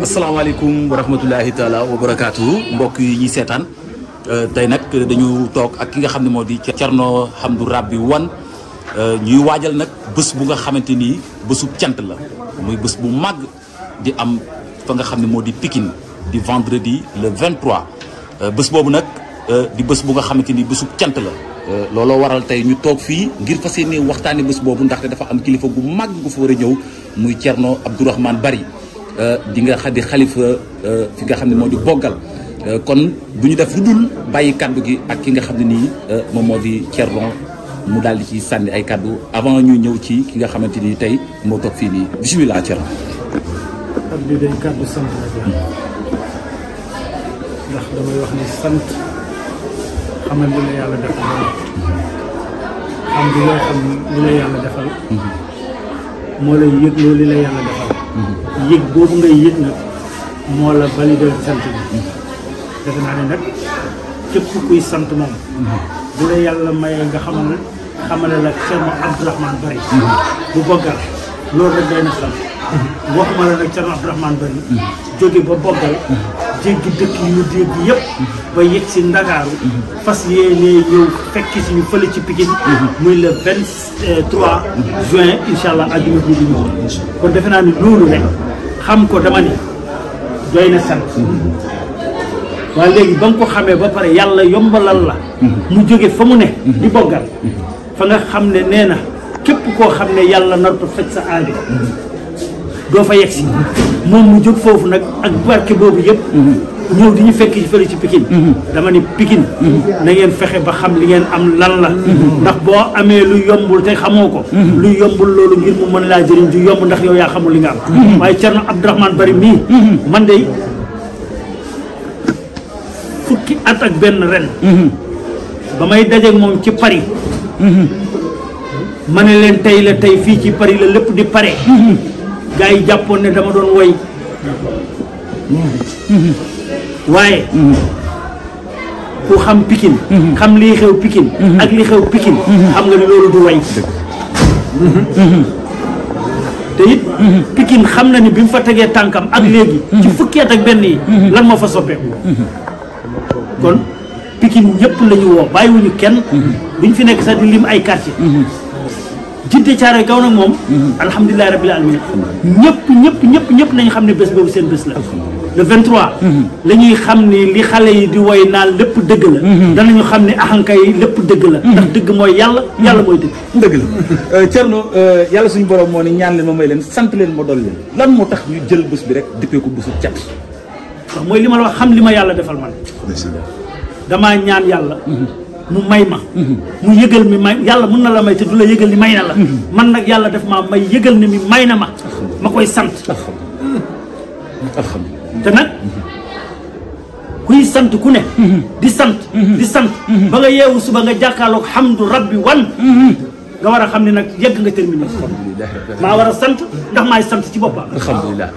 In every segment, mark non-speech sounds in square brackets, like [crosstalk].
asalaamaaleykum wa rahmatulahi taala wa barakaatu mbokk yi ñuy seetaan euh, tey nag dañu toog ak ki nga xam ne moo di Thierno Hamdou Rabby Wane euh, ñuy waajal nag bës bu nga xamante ni bësub cant la muy bés bu màgg di am fa nga xam ne moo di Pikine di vendredi le 23 euh, bés boobu nag di bés bu xamante ni bésub cant la looloo waral tey ñu toog fii ngir fas yéene waxtaane bés boobu ndaxte dafa am kilifa gu màgg gu fa war a ñëw muy Thierno Abdourahmane Bari Euh, di nga xa di xalifa euh, fi nga xam ne moo di boggal euh, kon bu ñu def lu dul bàyyi kàddu gi ak ki nga xam ne nii moom moo di Thierno mu daal di ci sànni ay kàddu avant ñu ñëw ci ki nga xamante ni tey moo toog fii nii bisimilah Thierno. ni sant xamal li la xam bi loo xam li la yàlla defal. Mm-hmm. moo lay yëg loo li la yàlla defal. yëg boobu ngay yëg nag moo la validé sant bi defe naa ne nag képp kuy sant moom bu la yàlla mayee nga xamal xamale la Cerno Abdourahmane Bari bu boggal loolu rek day na sant waxuma la nag Cerno Abdourahmane Bari jóge ba boggal jéggi dëkk yi ñu jéggi yëpp ba yegg si Ndakaaru fas yéene ñëw fekki si ñu fële ci Pikine muy le vingt-trois juin incha allah ajuma bi di ñëw defe naa ni loolu rek xam ko dama ni doy na sant waaye léegi ba nga ko xamee ba pare yàlla lal la mu jóge fa mu ne di boggal fa nga xam ne nee na képp koo xam ne yàlla nartu faj sa aajo doo fa yegg si moom mu jóg foofu nag ak barke boobu yëpp ñëw di ñu fekk ci fële ci Pikine dama ne Pikine na ngeen fexe ba xam li ngeen am lan la ndax boo amee lu yombul te xamoo ko lu yombul loolu ngir mu mën laa jëriñ du yomb ndax yow yaa xamul li nga am waaye Thierno Abdourahmane Bari mii man de fukki at ak benn ren ba may dajeeg moom ci Paris ma ne leen tey la tey fii ci Paris la lépp di pare gars yi jàppoon ne dama doon woy waaye ku xam pikin xam lii xew pikin ak li xew pikin xam nga ne loolu du way te it pikin xam na ni bi mu fa tegee tànkam ak léegi ci fukki at benn yi lan moo fa soppeeku kon pikin ñëpp la ñu woo bàyyiwuñu kenn duñ fi nekk sax di lim ay quartier jidde caare gaw nag moom mhm. alhamdulilahi rabbil alamin ñëpp ñëpp ñëpp ñëpp nañ xam ne bés boobu seen bés la le 23 mhm. la ñuy xam ni li xale yi di woy naan lépp dëgg la mhm. ñu xam ne axanka yi lépp dëgg la ndax dëgg mooy yàlla yàlla mooy dëgg dëgg la [laughs] euh, Thierno euh, yàlla suñu borom moo ne ñaan leen ma may leen sant leen ma dool leen lan moo tax ñu jël bés bi rek dëppee ko bésu cat mooy li ma la wax xam li ma yàlla defal man damaa ñaan yàlla mu may ma mu yëgal mi may yàlla mun na la may te du la yëgal ni may na la man nag yàlla def maa may yëgal ni mi may na ma ma koy sant te nag kuy sant ku ne di sant di sant ba nga yeewu suba nga jàkkaarloog hamdu rabbi wan nga war a xam ne nag yegg nga terminé maa war a sant ndax maay sant ci boppam alhamdulilah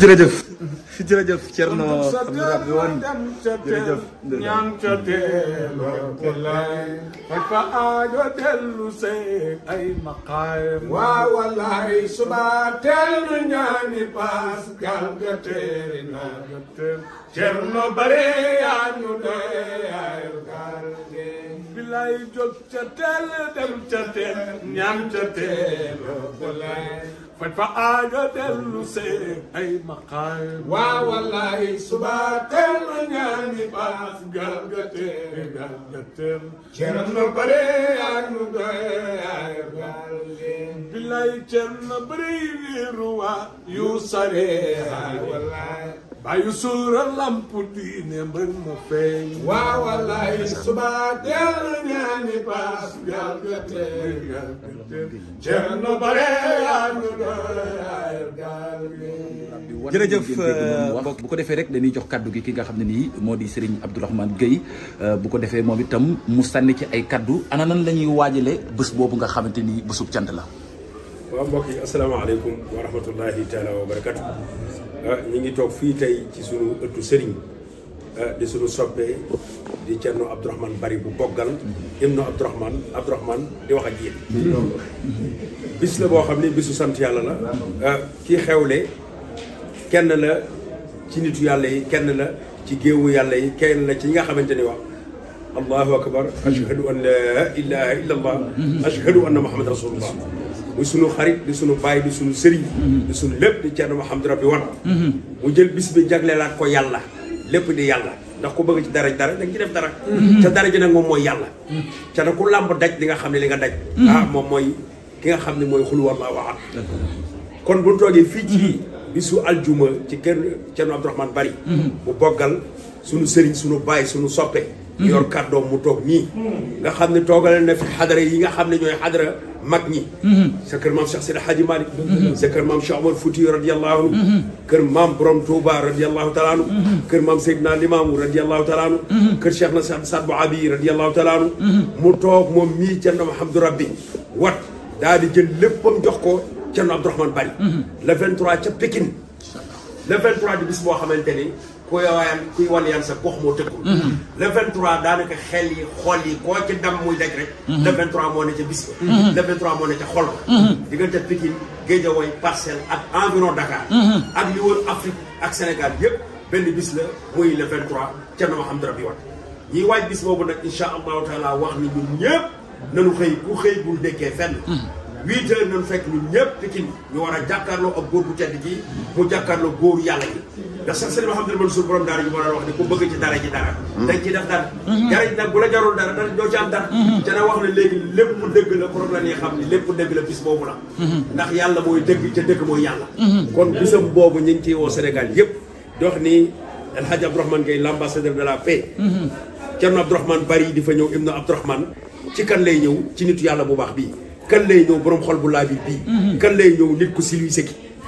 jërëjëf jërëjëf Thierno Abdou Rabbi woon jërëjëf ñaan ca teelo wallaay fa aajo dellu see ay maqaayam waa de bilaay faj fa aajo dellu see ay maqaay waa wallaay suba teel ma ñaani baas gal ga teel gal ga teel cer na bare ak nu doy ay gal leen billaay cer na bare wiiru waa yu sare ay wallaay bàyyi suura lampu diine mën ma euh, bu ko defee rek dañuy jox kaddu gi ki nga xam ne nii moo di sëriñ Abdourahmane Gueye euh, bu ko defee moom itam mu sànni ci ay kaddu ana nan la ñuy waajale bës boobu nga xamante ni bésub cant la waaw mbokk yi asalaamaaleykum wa rahmatullahi taala wa barakatu ah, ñu ngi toog fii tey ci sunu ëttu sëriñ ah, di sunu soppee di Cerno Abdourahmane Bari bu boggal ibnu Abdourahmane Abdourahmane di wax ak yéen bis la boo xam ne bisu sant yàlla la ah, kii xewle kenn la ci nitu yàlla yi kenn la ci géewu yàlla yi kenn la ci ñi nga xamante ni wax allahu akbar ashhadu an la ilaha illa allah ashhadu anna muhammad rasulullah muy sunu xarit di sunu baay di sunu sëriñ. di sunu lépp di Thierno Mouhamadou Rabi wan. mu jël bis bi jagleelaat ko yàlla lépp di yàlla ndax ko bëgg ci dara dara da nga dara. ca dara ji nag moom mooy yàlla. ca nag ku làmb daj li nga xam ne li nga daj. ah moom mooy ki nga xam ne mooy xul wallaahu ahad. kon bu toogee fii ci bisu aljuma ci kër Thierno Abdourahmane Bari. bu boggal sunu sëriñ sunu baay sunu soppe. Mm-hmm. yor kàddoom mu toog nii mm-hmm. nga xam ne toogal na fi xadara yi nga xam ne ñooy xadara mag ñi mm-hmm. sa kër maam Cheikh Seydi Hadji Malick sa kër maam Cheikh Omar Fouti radiallahu anhu kër maam Borom Touba radiallahu taala anhu kër maam Seydina Limaamu radiallahu taala anhu kër Cheikh na Saad Bou Abi radiallahu taala anhu mu toog moom mii Cerno Hamdou Rabbi wat daal di jël léppam jox ko Cerno Abdourahmane Bari le 23 ca Pékin le 23 di bis boo xamante ni kuy waayam kuy wan yan sa gox moo tëkkul mhm. le 23 daanaka xel yi xol yi koo ci dam muy daj rek mhm. le 23 moo ne ca bis ba mhm. le 23 moo ne ca xol ba diggante Pikine Guédiawaye ak environ Dakar ak li wër ak Sénégal yëpp benn bis la muy le 23 ca na xam dara bi wat ñiy waaj bis boobu nag insha allahu taala wax ni ñun ñëpp nanu xëy ku xëy bul dëkkee fenn huit heures nanu fekk ñun ñëpp Pikine ñu war a jàkkaarloo ak góor bu tedd ji mu jàkkaarloo góor yàlla yi ndax sax sëriñ Mouhamadou Mansour borom daara ji moo daan wax ne ku bëgg ci dara ji dara hmm. dañ ci def dara dara ji nag bu la jarul dara dara doo ci am dara hmm. te na wax ne léegi lépp mu dëgg la kon la ñuy xam ne lépp dëgg la bis boobu la hmm. ndax yàlla mooy dëgg te dëgg mooy yàlla kon bisam boobu ñu ngi ciy woo Sénégal yëpp dox ni El Hadj Abdourahmane Gueye l'ambassadeur de la paix Cerno Abdourahmane bari di fa ñëw Ibnu Abdourahmane ci kan lay ñëw ci nitu yàlla bu baax bii kan lay ñëw borom xol bu laabi bii kan lay ñëw nit ku silwi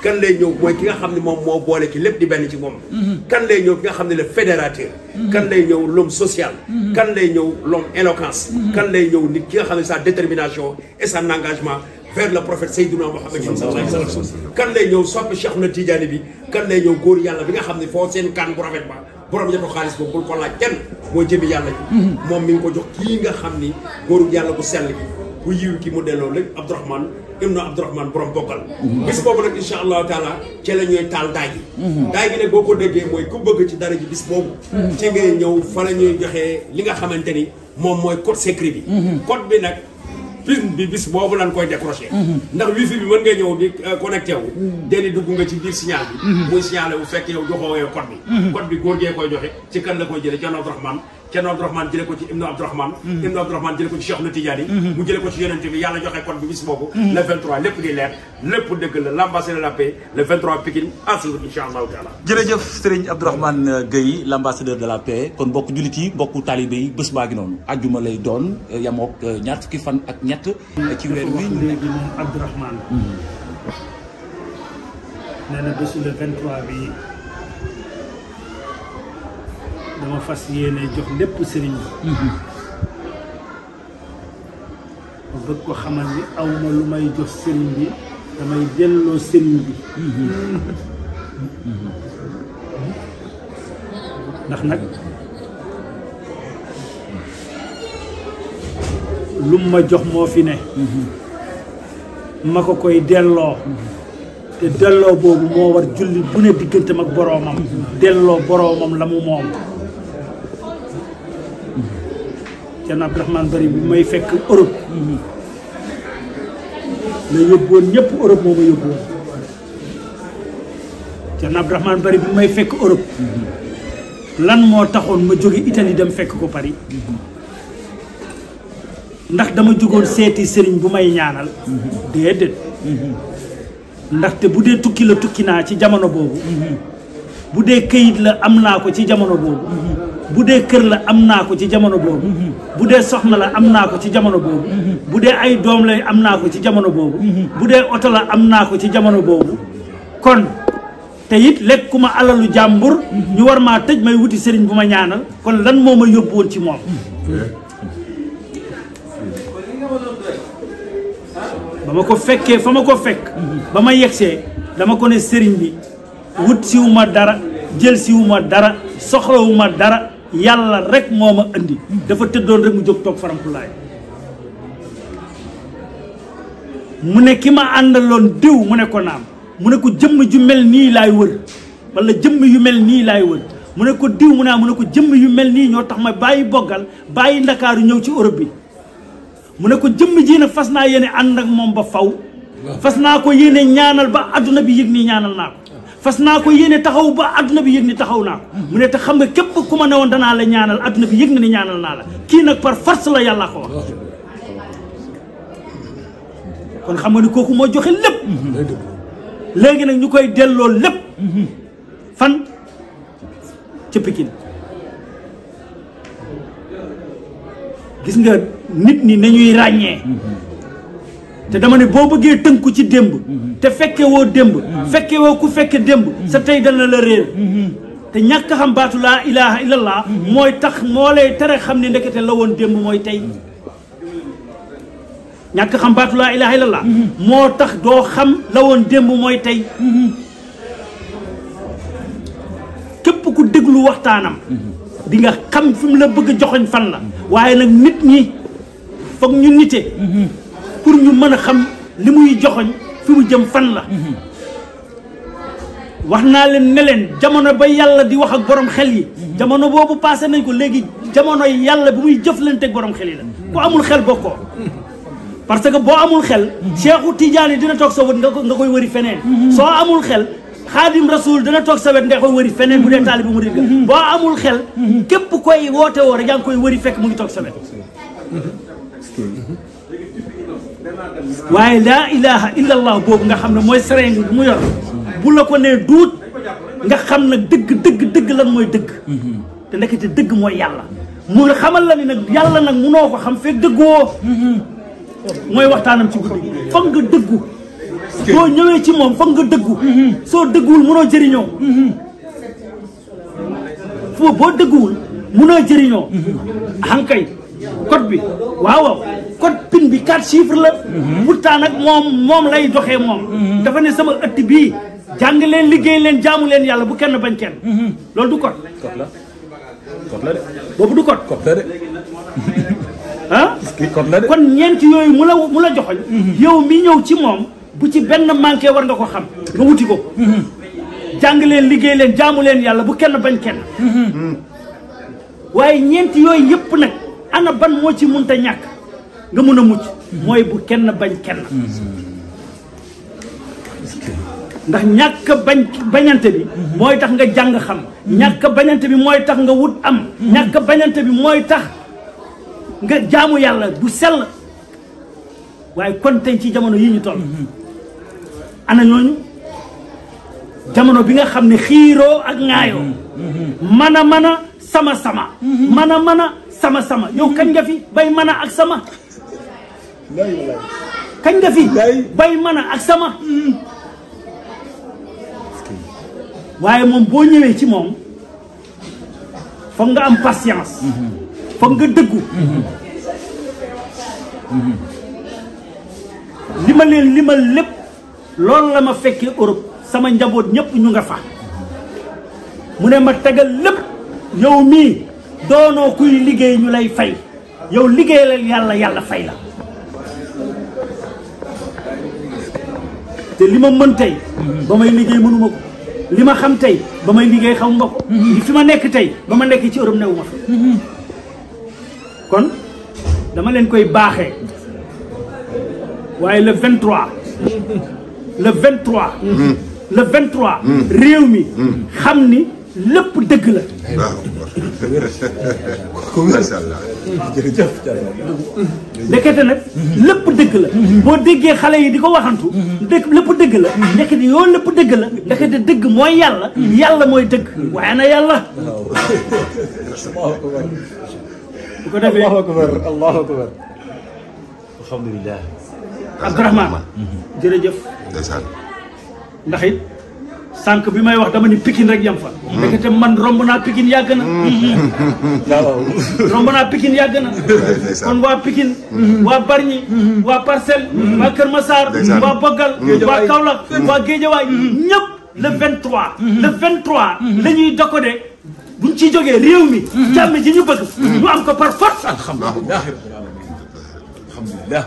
kan lay ñëw mooy ki nga xam ne moom moo boole ci lépp di benn ci moom. Mhm. kan lay ñëw bi nga xam ne le fédérateur. Mhm. kan lay ñëw l'homme social. Mhm. kan lay ñëw l'homme éloquence. kan lay ñëw nit ki nga xam ne sa détermination et son engagement vers le prophète Seydouna Mohamed sallallahu alayhi wa sallam kan lay ñëw soppi Cheikh na Tidiane bi kan lay ñëw góor yàlla bi nga xam ne foo seen kan bu rafet ba borom jotu xaalis boobu bul ko laa kenn moo jëmi yàlla ji. moom mi ngi ko jox kii nga xam ni góor yàlla bu sell bi bu yiw mu delloo lépp Abdourahmane ibnu abdourahman borom bokkal bis boobu nag insha allahu taala ci la taal daay gi daay gi nag boo ko déggee mooy ku bëgg ci dara ji bis boobu ci ngay ñëw fa la joxee li nga xamante ni moom mooy code secret bi mhm. code bi nag film bi bis boobu lañ koy décroché. ndax wifi bi mën nga ñëw di euh, connecté deni dugg nga ci biir signal bi. Mhm. muy signalé wu fekk joxoo yow bi. code bi mhm. koy joxe ci kan la koy jële ci Ibnu Abdourahmane mhm. la l'ambassade euh, de la paix kon bokk jullit yi bokk taalibé yi bés baa ngi noonu ajjuma lay doon euh, yamook ñaar fukki fan ak ñett ñett. ci weer wii léegi moom Abdourahmane. Mhm. nee na bésu le 23 bi dama fas yéene jox lépp sëriñ bi. Mhm. ma bëgg ko xamal ni aw lu may jox sëriñ bi damay delloo sëriñ bi. Mhm. ndax nag. lu ma jox moo fi ne ma ko koy delloo te delloo boobu moo war julli bu ne digganteem ak boroomam delloo boroomam la mu moom Cerno Abdourahmane Bari bi may fekk Europe la yóbboon ñëpp may fekk Europe lan moo taxoon ma jóge Italie dem fekk ko Paris ndax dama jógoon seeti sëriñ bu may ñaanal déedéet ndaxte bu dee tukki la tukki naa ci jamono boobu bu dee këyit la am naa ko ci jamono boobu bu dee kër la am naa ko ci jamono boobu dee soxna la am naa ko ci jamono boobu bu dee ay doom lay am naa ko ci jamono boobu bu dee oto la am naa ko ci jamono boobu kon te it lekkuma alalu jàmbur ñu war maa tëj may wuti sëriñ bu ma ñaanal kon lan moo ma yóbbu woon ci moom ba ma ko fekkee fa ma ko fekk ba ma yegsee dama ko ne sëriñ bi wut siwu dara jël siwu dara soxlawu ma dara yàlla rek moo ma indi dafa tëddoon rek mu jóg toog farampulaay mu ne ki ma àndaloon diw mu ne ko naam mu ne ko jëmm ju mel nii laay wër wala jëmm yu mel nii laay wër mu ne ko diw mu naa ah, mu ne ko jëmm yu mel nii ñoo tax ma bàyyi boggal bàyyi ndakaaru ñëw ci Europe bi mu ne ko jëmm ji nag fas naa yéene ànd ak moom ba faw fas naa ko yéene ñaanal ba àdduna bi yëg nii ñaanal naa ko fas naa ko yéene taxaw ba àdduna bi yëg ni taxaw naa ko mu xam nga képp ku ma ne danaa la ñaanal adduna bi yëg na ñaanal naa la kii nag par force la yàlla ko kon xam nga ni kooku moo joxe lépp léegi nag ñu koy delloo lépp fan ci Pikine gis nga nit ñi nañuy ràññee te dama ne boo bëggee tënku ci démb te fekke démb fekke woo ku fekke démb sa tey dana la réer te ñàkk xam baatu laa ilaha mooy tax moo lay tere xam ne ndekete la woon démb mooy tey ñàkk xam baatu laa ilaha illallah moo tax doo xam la woon démb mooy tey képp ku déglu waxtaanam dinga xam fi mu la bëgg joxoñ fan la waaye nag nit ñi foog ñu nite mhm. pour ñu mën a xam li muy joxoñ fi mu jëm fan la mhm. wax naa leen neleen leen jamono ba yàlla di wax ak borom xel yi mhm. jamono boobu passé nañ ko léegi jamono yàlla bi muy jëflanteeg borom xel yi la ku amul xel bokkoo parce que boo amul xel Seexu Tijaan yi dina toog sa wët nga nga koy wëri feneen soo amul xel xaadim rasul dana toog sa wet nga koy wëri feneen bu dee taalibi mu dégg boo amul xel képp koy woote woo rek yaa ngi koy wëri fekk mu ngi toog sa wet waaye laa ilaha illa boobu nga xam ne mooy seringue bi mu yor bu la ko nee duut nga xam ne dëgg dëgg dëgg lan mooy dëgg te ndekete dëgg mooy yàlla mu xamal la ni nag yàlla nag munoo ko xam fekk dëggoo mooy waxtaanam ci guddi fa nga dëggu soo ñëwee ci moom fa nga dëggu soo dëgguwul munoo jëriñoo foofu boo dëgguwul munoo jëriñoo ankay code bi waaw waaw code PIN bi quatre chiffres la. Mhm. pourtant nag moom moom lay doxee moom. Mhm. dafa ne sama ëtt bii jàng leen liggéey leen jaamu leen yàlla bu kenn bañ kenn. Mhm. loolu du code. code la du code. code la de. ah. [laughs] code kon ñeenti yooyu mu la mu la joxoñ. yow mi ñëw ci moom bu ci benn manqué war nga ko xam nga wuti ko. leen liggéey leen jaamu leen yàlla bu kenn bañ waaye ñeenti yooyu yëpp nag. ana ban moo ci munta ñàkk nga mun a mucc mooy bu kenn bañ kenn ndax ñàkk bañ bañante bi mooy tax nga jàng xam ñàkk bañante bi mooy tax nga wut am ñàkk bañante bi mooy tax nga jaamu yàlla du sell waaye kon tey ci jamono yi ñu toll ana ñooñu jamono bi nga xam ne xiiroo ak ŋaayoo mm-hmm. mana mana sama sama mm-hmm. mana mana sama sama yow kañ nga fi bay mën a ak sama. kañ nga fi bay mën a ak sama. waaye moom boo ñëwee ci moom foog nga am patience. foog nga dëggu. li ma leen li ma lépp loolu la ma fekkee Europe sama njaboot ñëpp ñu nga fa mu ne ma tegal lépp yow mii. doonoo kuy liggéey ñu lay fay yow liggéeyal yàlla yàlla fay la te li ma mën tey ba may liggéey mënuma ko li ma xam tey ba may liggéey xam nga ko fi ma nekk tey ba ma nekk ci Europe newu ma kon dama leen koy baaxee waaye la 23 le 23 le 23 réew mi xam ni lépp dëgg la. waaw. ku wér jërëjëf. ndekete nag lépp dëgg la. boo déggee xale yi di ko waxantu. dëgg lépp dëgg la. ndekete yoo lépp dëgg la. ndekete dëgg mooy yàlla. yàlla mooy dëgg. waaye na yàlla. bu ko defee allahu akbar allahu akbar. alhamdulilah. Abdourahmane. jërëjëf. ndax it. sànq bi may wax dama ni Pikine rek yam fa. ndekete man romb naa Pikine yàgg na. waaw romb naa Pikine yàgg na. kon waa Pikine. waa Bargny. waa Kër Massar. waa Bogal. waa Kaolack hmm. waa Guédiawaye ñëpp le 23. Hmm. le 23. la ñuy décoder buñ ci jógee réew mi. Hmm. jàmm ji ñu bëgg. ñu am ko par force. alhamdulilah alhamdulilah. alhamdulilah.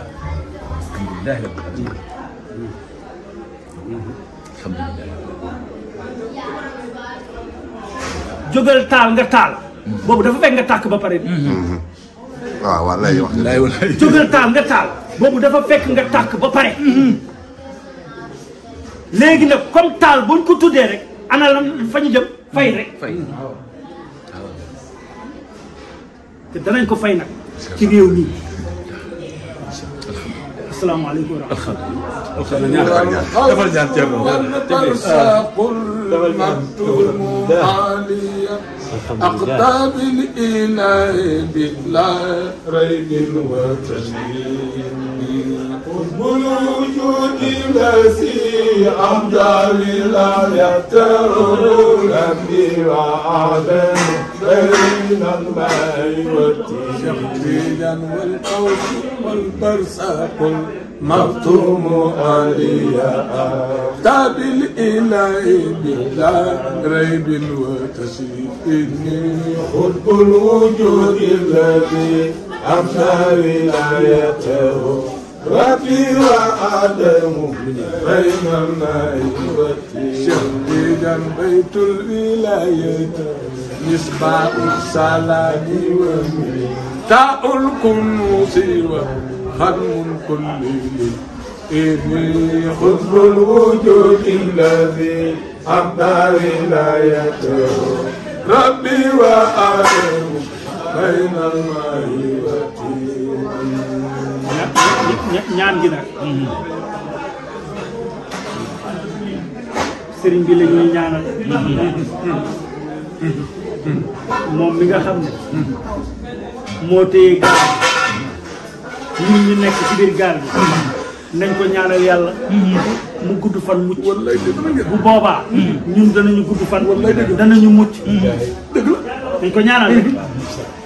jógal taal nga taal. boobu dafa fekk nga tàkk ba pare. waaw wallaay wax dëgg jógal taal nga taal boobu dafa fekk nga tàkk ba pare. léegi nag comme taal buñ ko tuddee rek ana lan fa ñu jëm fay rek. fay te danañ ko fay nag. ci réew mi. asalaamaaleykum wa rahmatulah. alhamdulilah. بين الماء والتين والقوس والبرساق مختوم عليا تاب الإله بلا ريب وتسيب خلق الوجود الذي أمسى ولايته ربي وآدم بين الماء شهيدا بيت الولاية مصباح السلام ومتاع الكنوز وخدم كل إني خضر الوجود الذي أبدى ولايته ربي وآدم بين الماء والطين ñaan gi nag sëriñ bi la ñuy ñaanal moom mi nga xam ne moo téye gaal ñun ñu nekk ci biir gaal bi nañ ko ñaanal yàlla mu gudd fan mucc bu boobaa ñun danañu gudd fan danañu mucc dëgg dañ ko ñaanal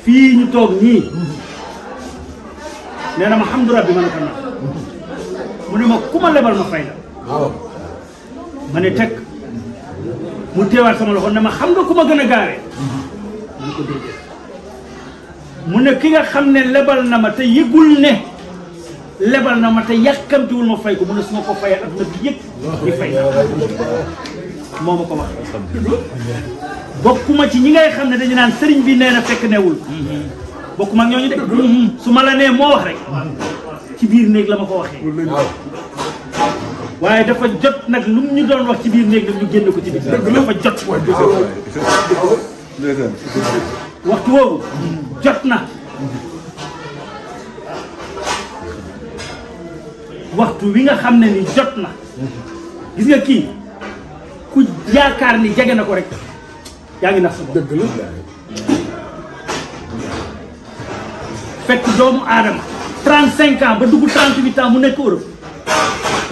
fii ñu toog ñii nee na ma xam du rabbi mën a mu ne ma ku ma lebal ma fay la. waaw. ma ne teg mu teewaat sama loxo ne ma xam nga ku ma gën a gaawee. ma mu ne ki nga xam ne lebal na ma te yëgul ne lebal na ma te yàkkamtiwul ma fay ko mu ne su ma ko fayee adduna bi yëpp di fay moo ma ko wax bokkuma ci ñi ngay xam ne dañu naan sëriñ bi nee na fekk newul mm-hmm. bokkuma ak mm-hmm. su ma la nee moo wax rek ci biir néeg la ma ko waxee. waaye dafa jot nag lu ñu doon wax ci biir néeg nag ñu génn ko ci biir. dafa jot. waxtu woowu jot na. waxtu wi nga xam ne ni jot na. gis nga kii ku yaakaar ni jege na ko rek yaa ngi nag sa bopp. dëgg la. fekk doomu aadama. 35 ans ba dugg 38 ans mu nekk Europe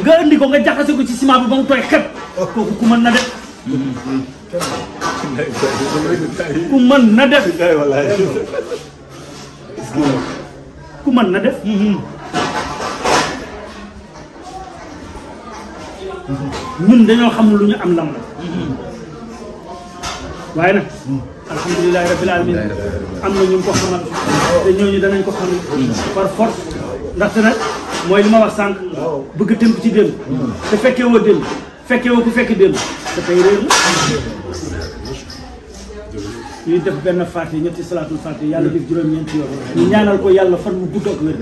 nga indi ko nga jaxase ko ci ciment bi ba mu tooy xepp oh, ko ku mën na def. ku mën na def. ku mën na def. ñun dañoo xam lu ñu am lam la. waaye nag alhamdulillah rabil alamin am na ñu ko xamal te ñooñu danañ ko xamal par force ndaxte nag mooy li ma wax sànq bëgg tënk ci démb te fekkee woo démb fekkee woo ku fekk démb te tey réer la ñuy def benn fàtte ñetti salaatul fàtte yàlla def juróom-ñeenti yoon ñu ñaanal ko yàlla fan mu gudd ak wér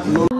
loolu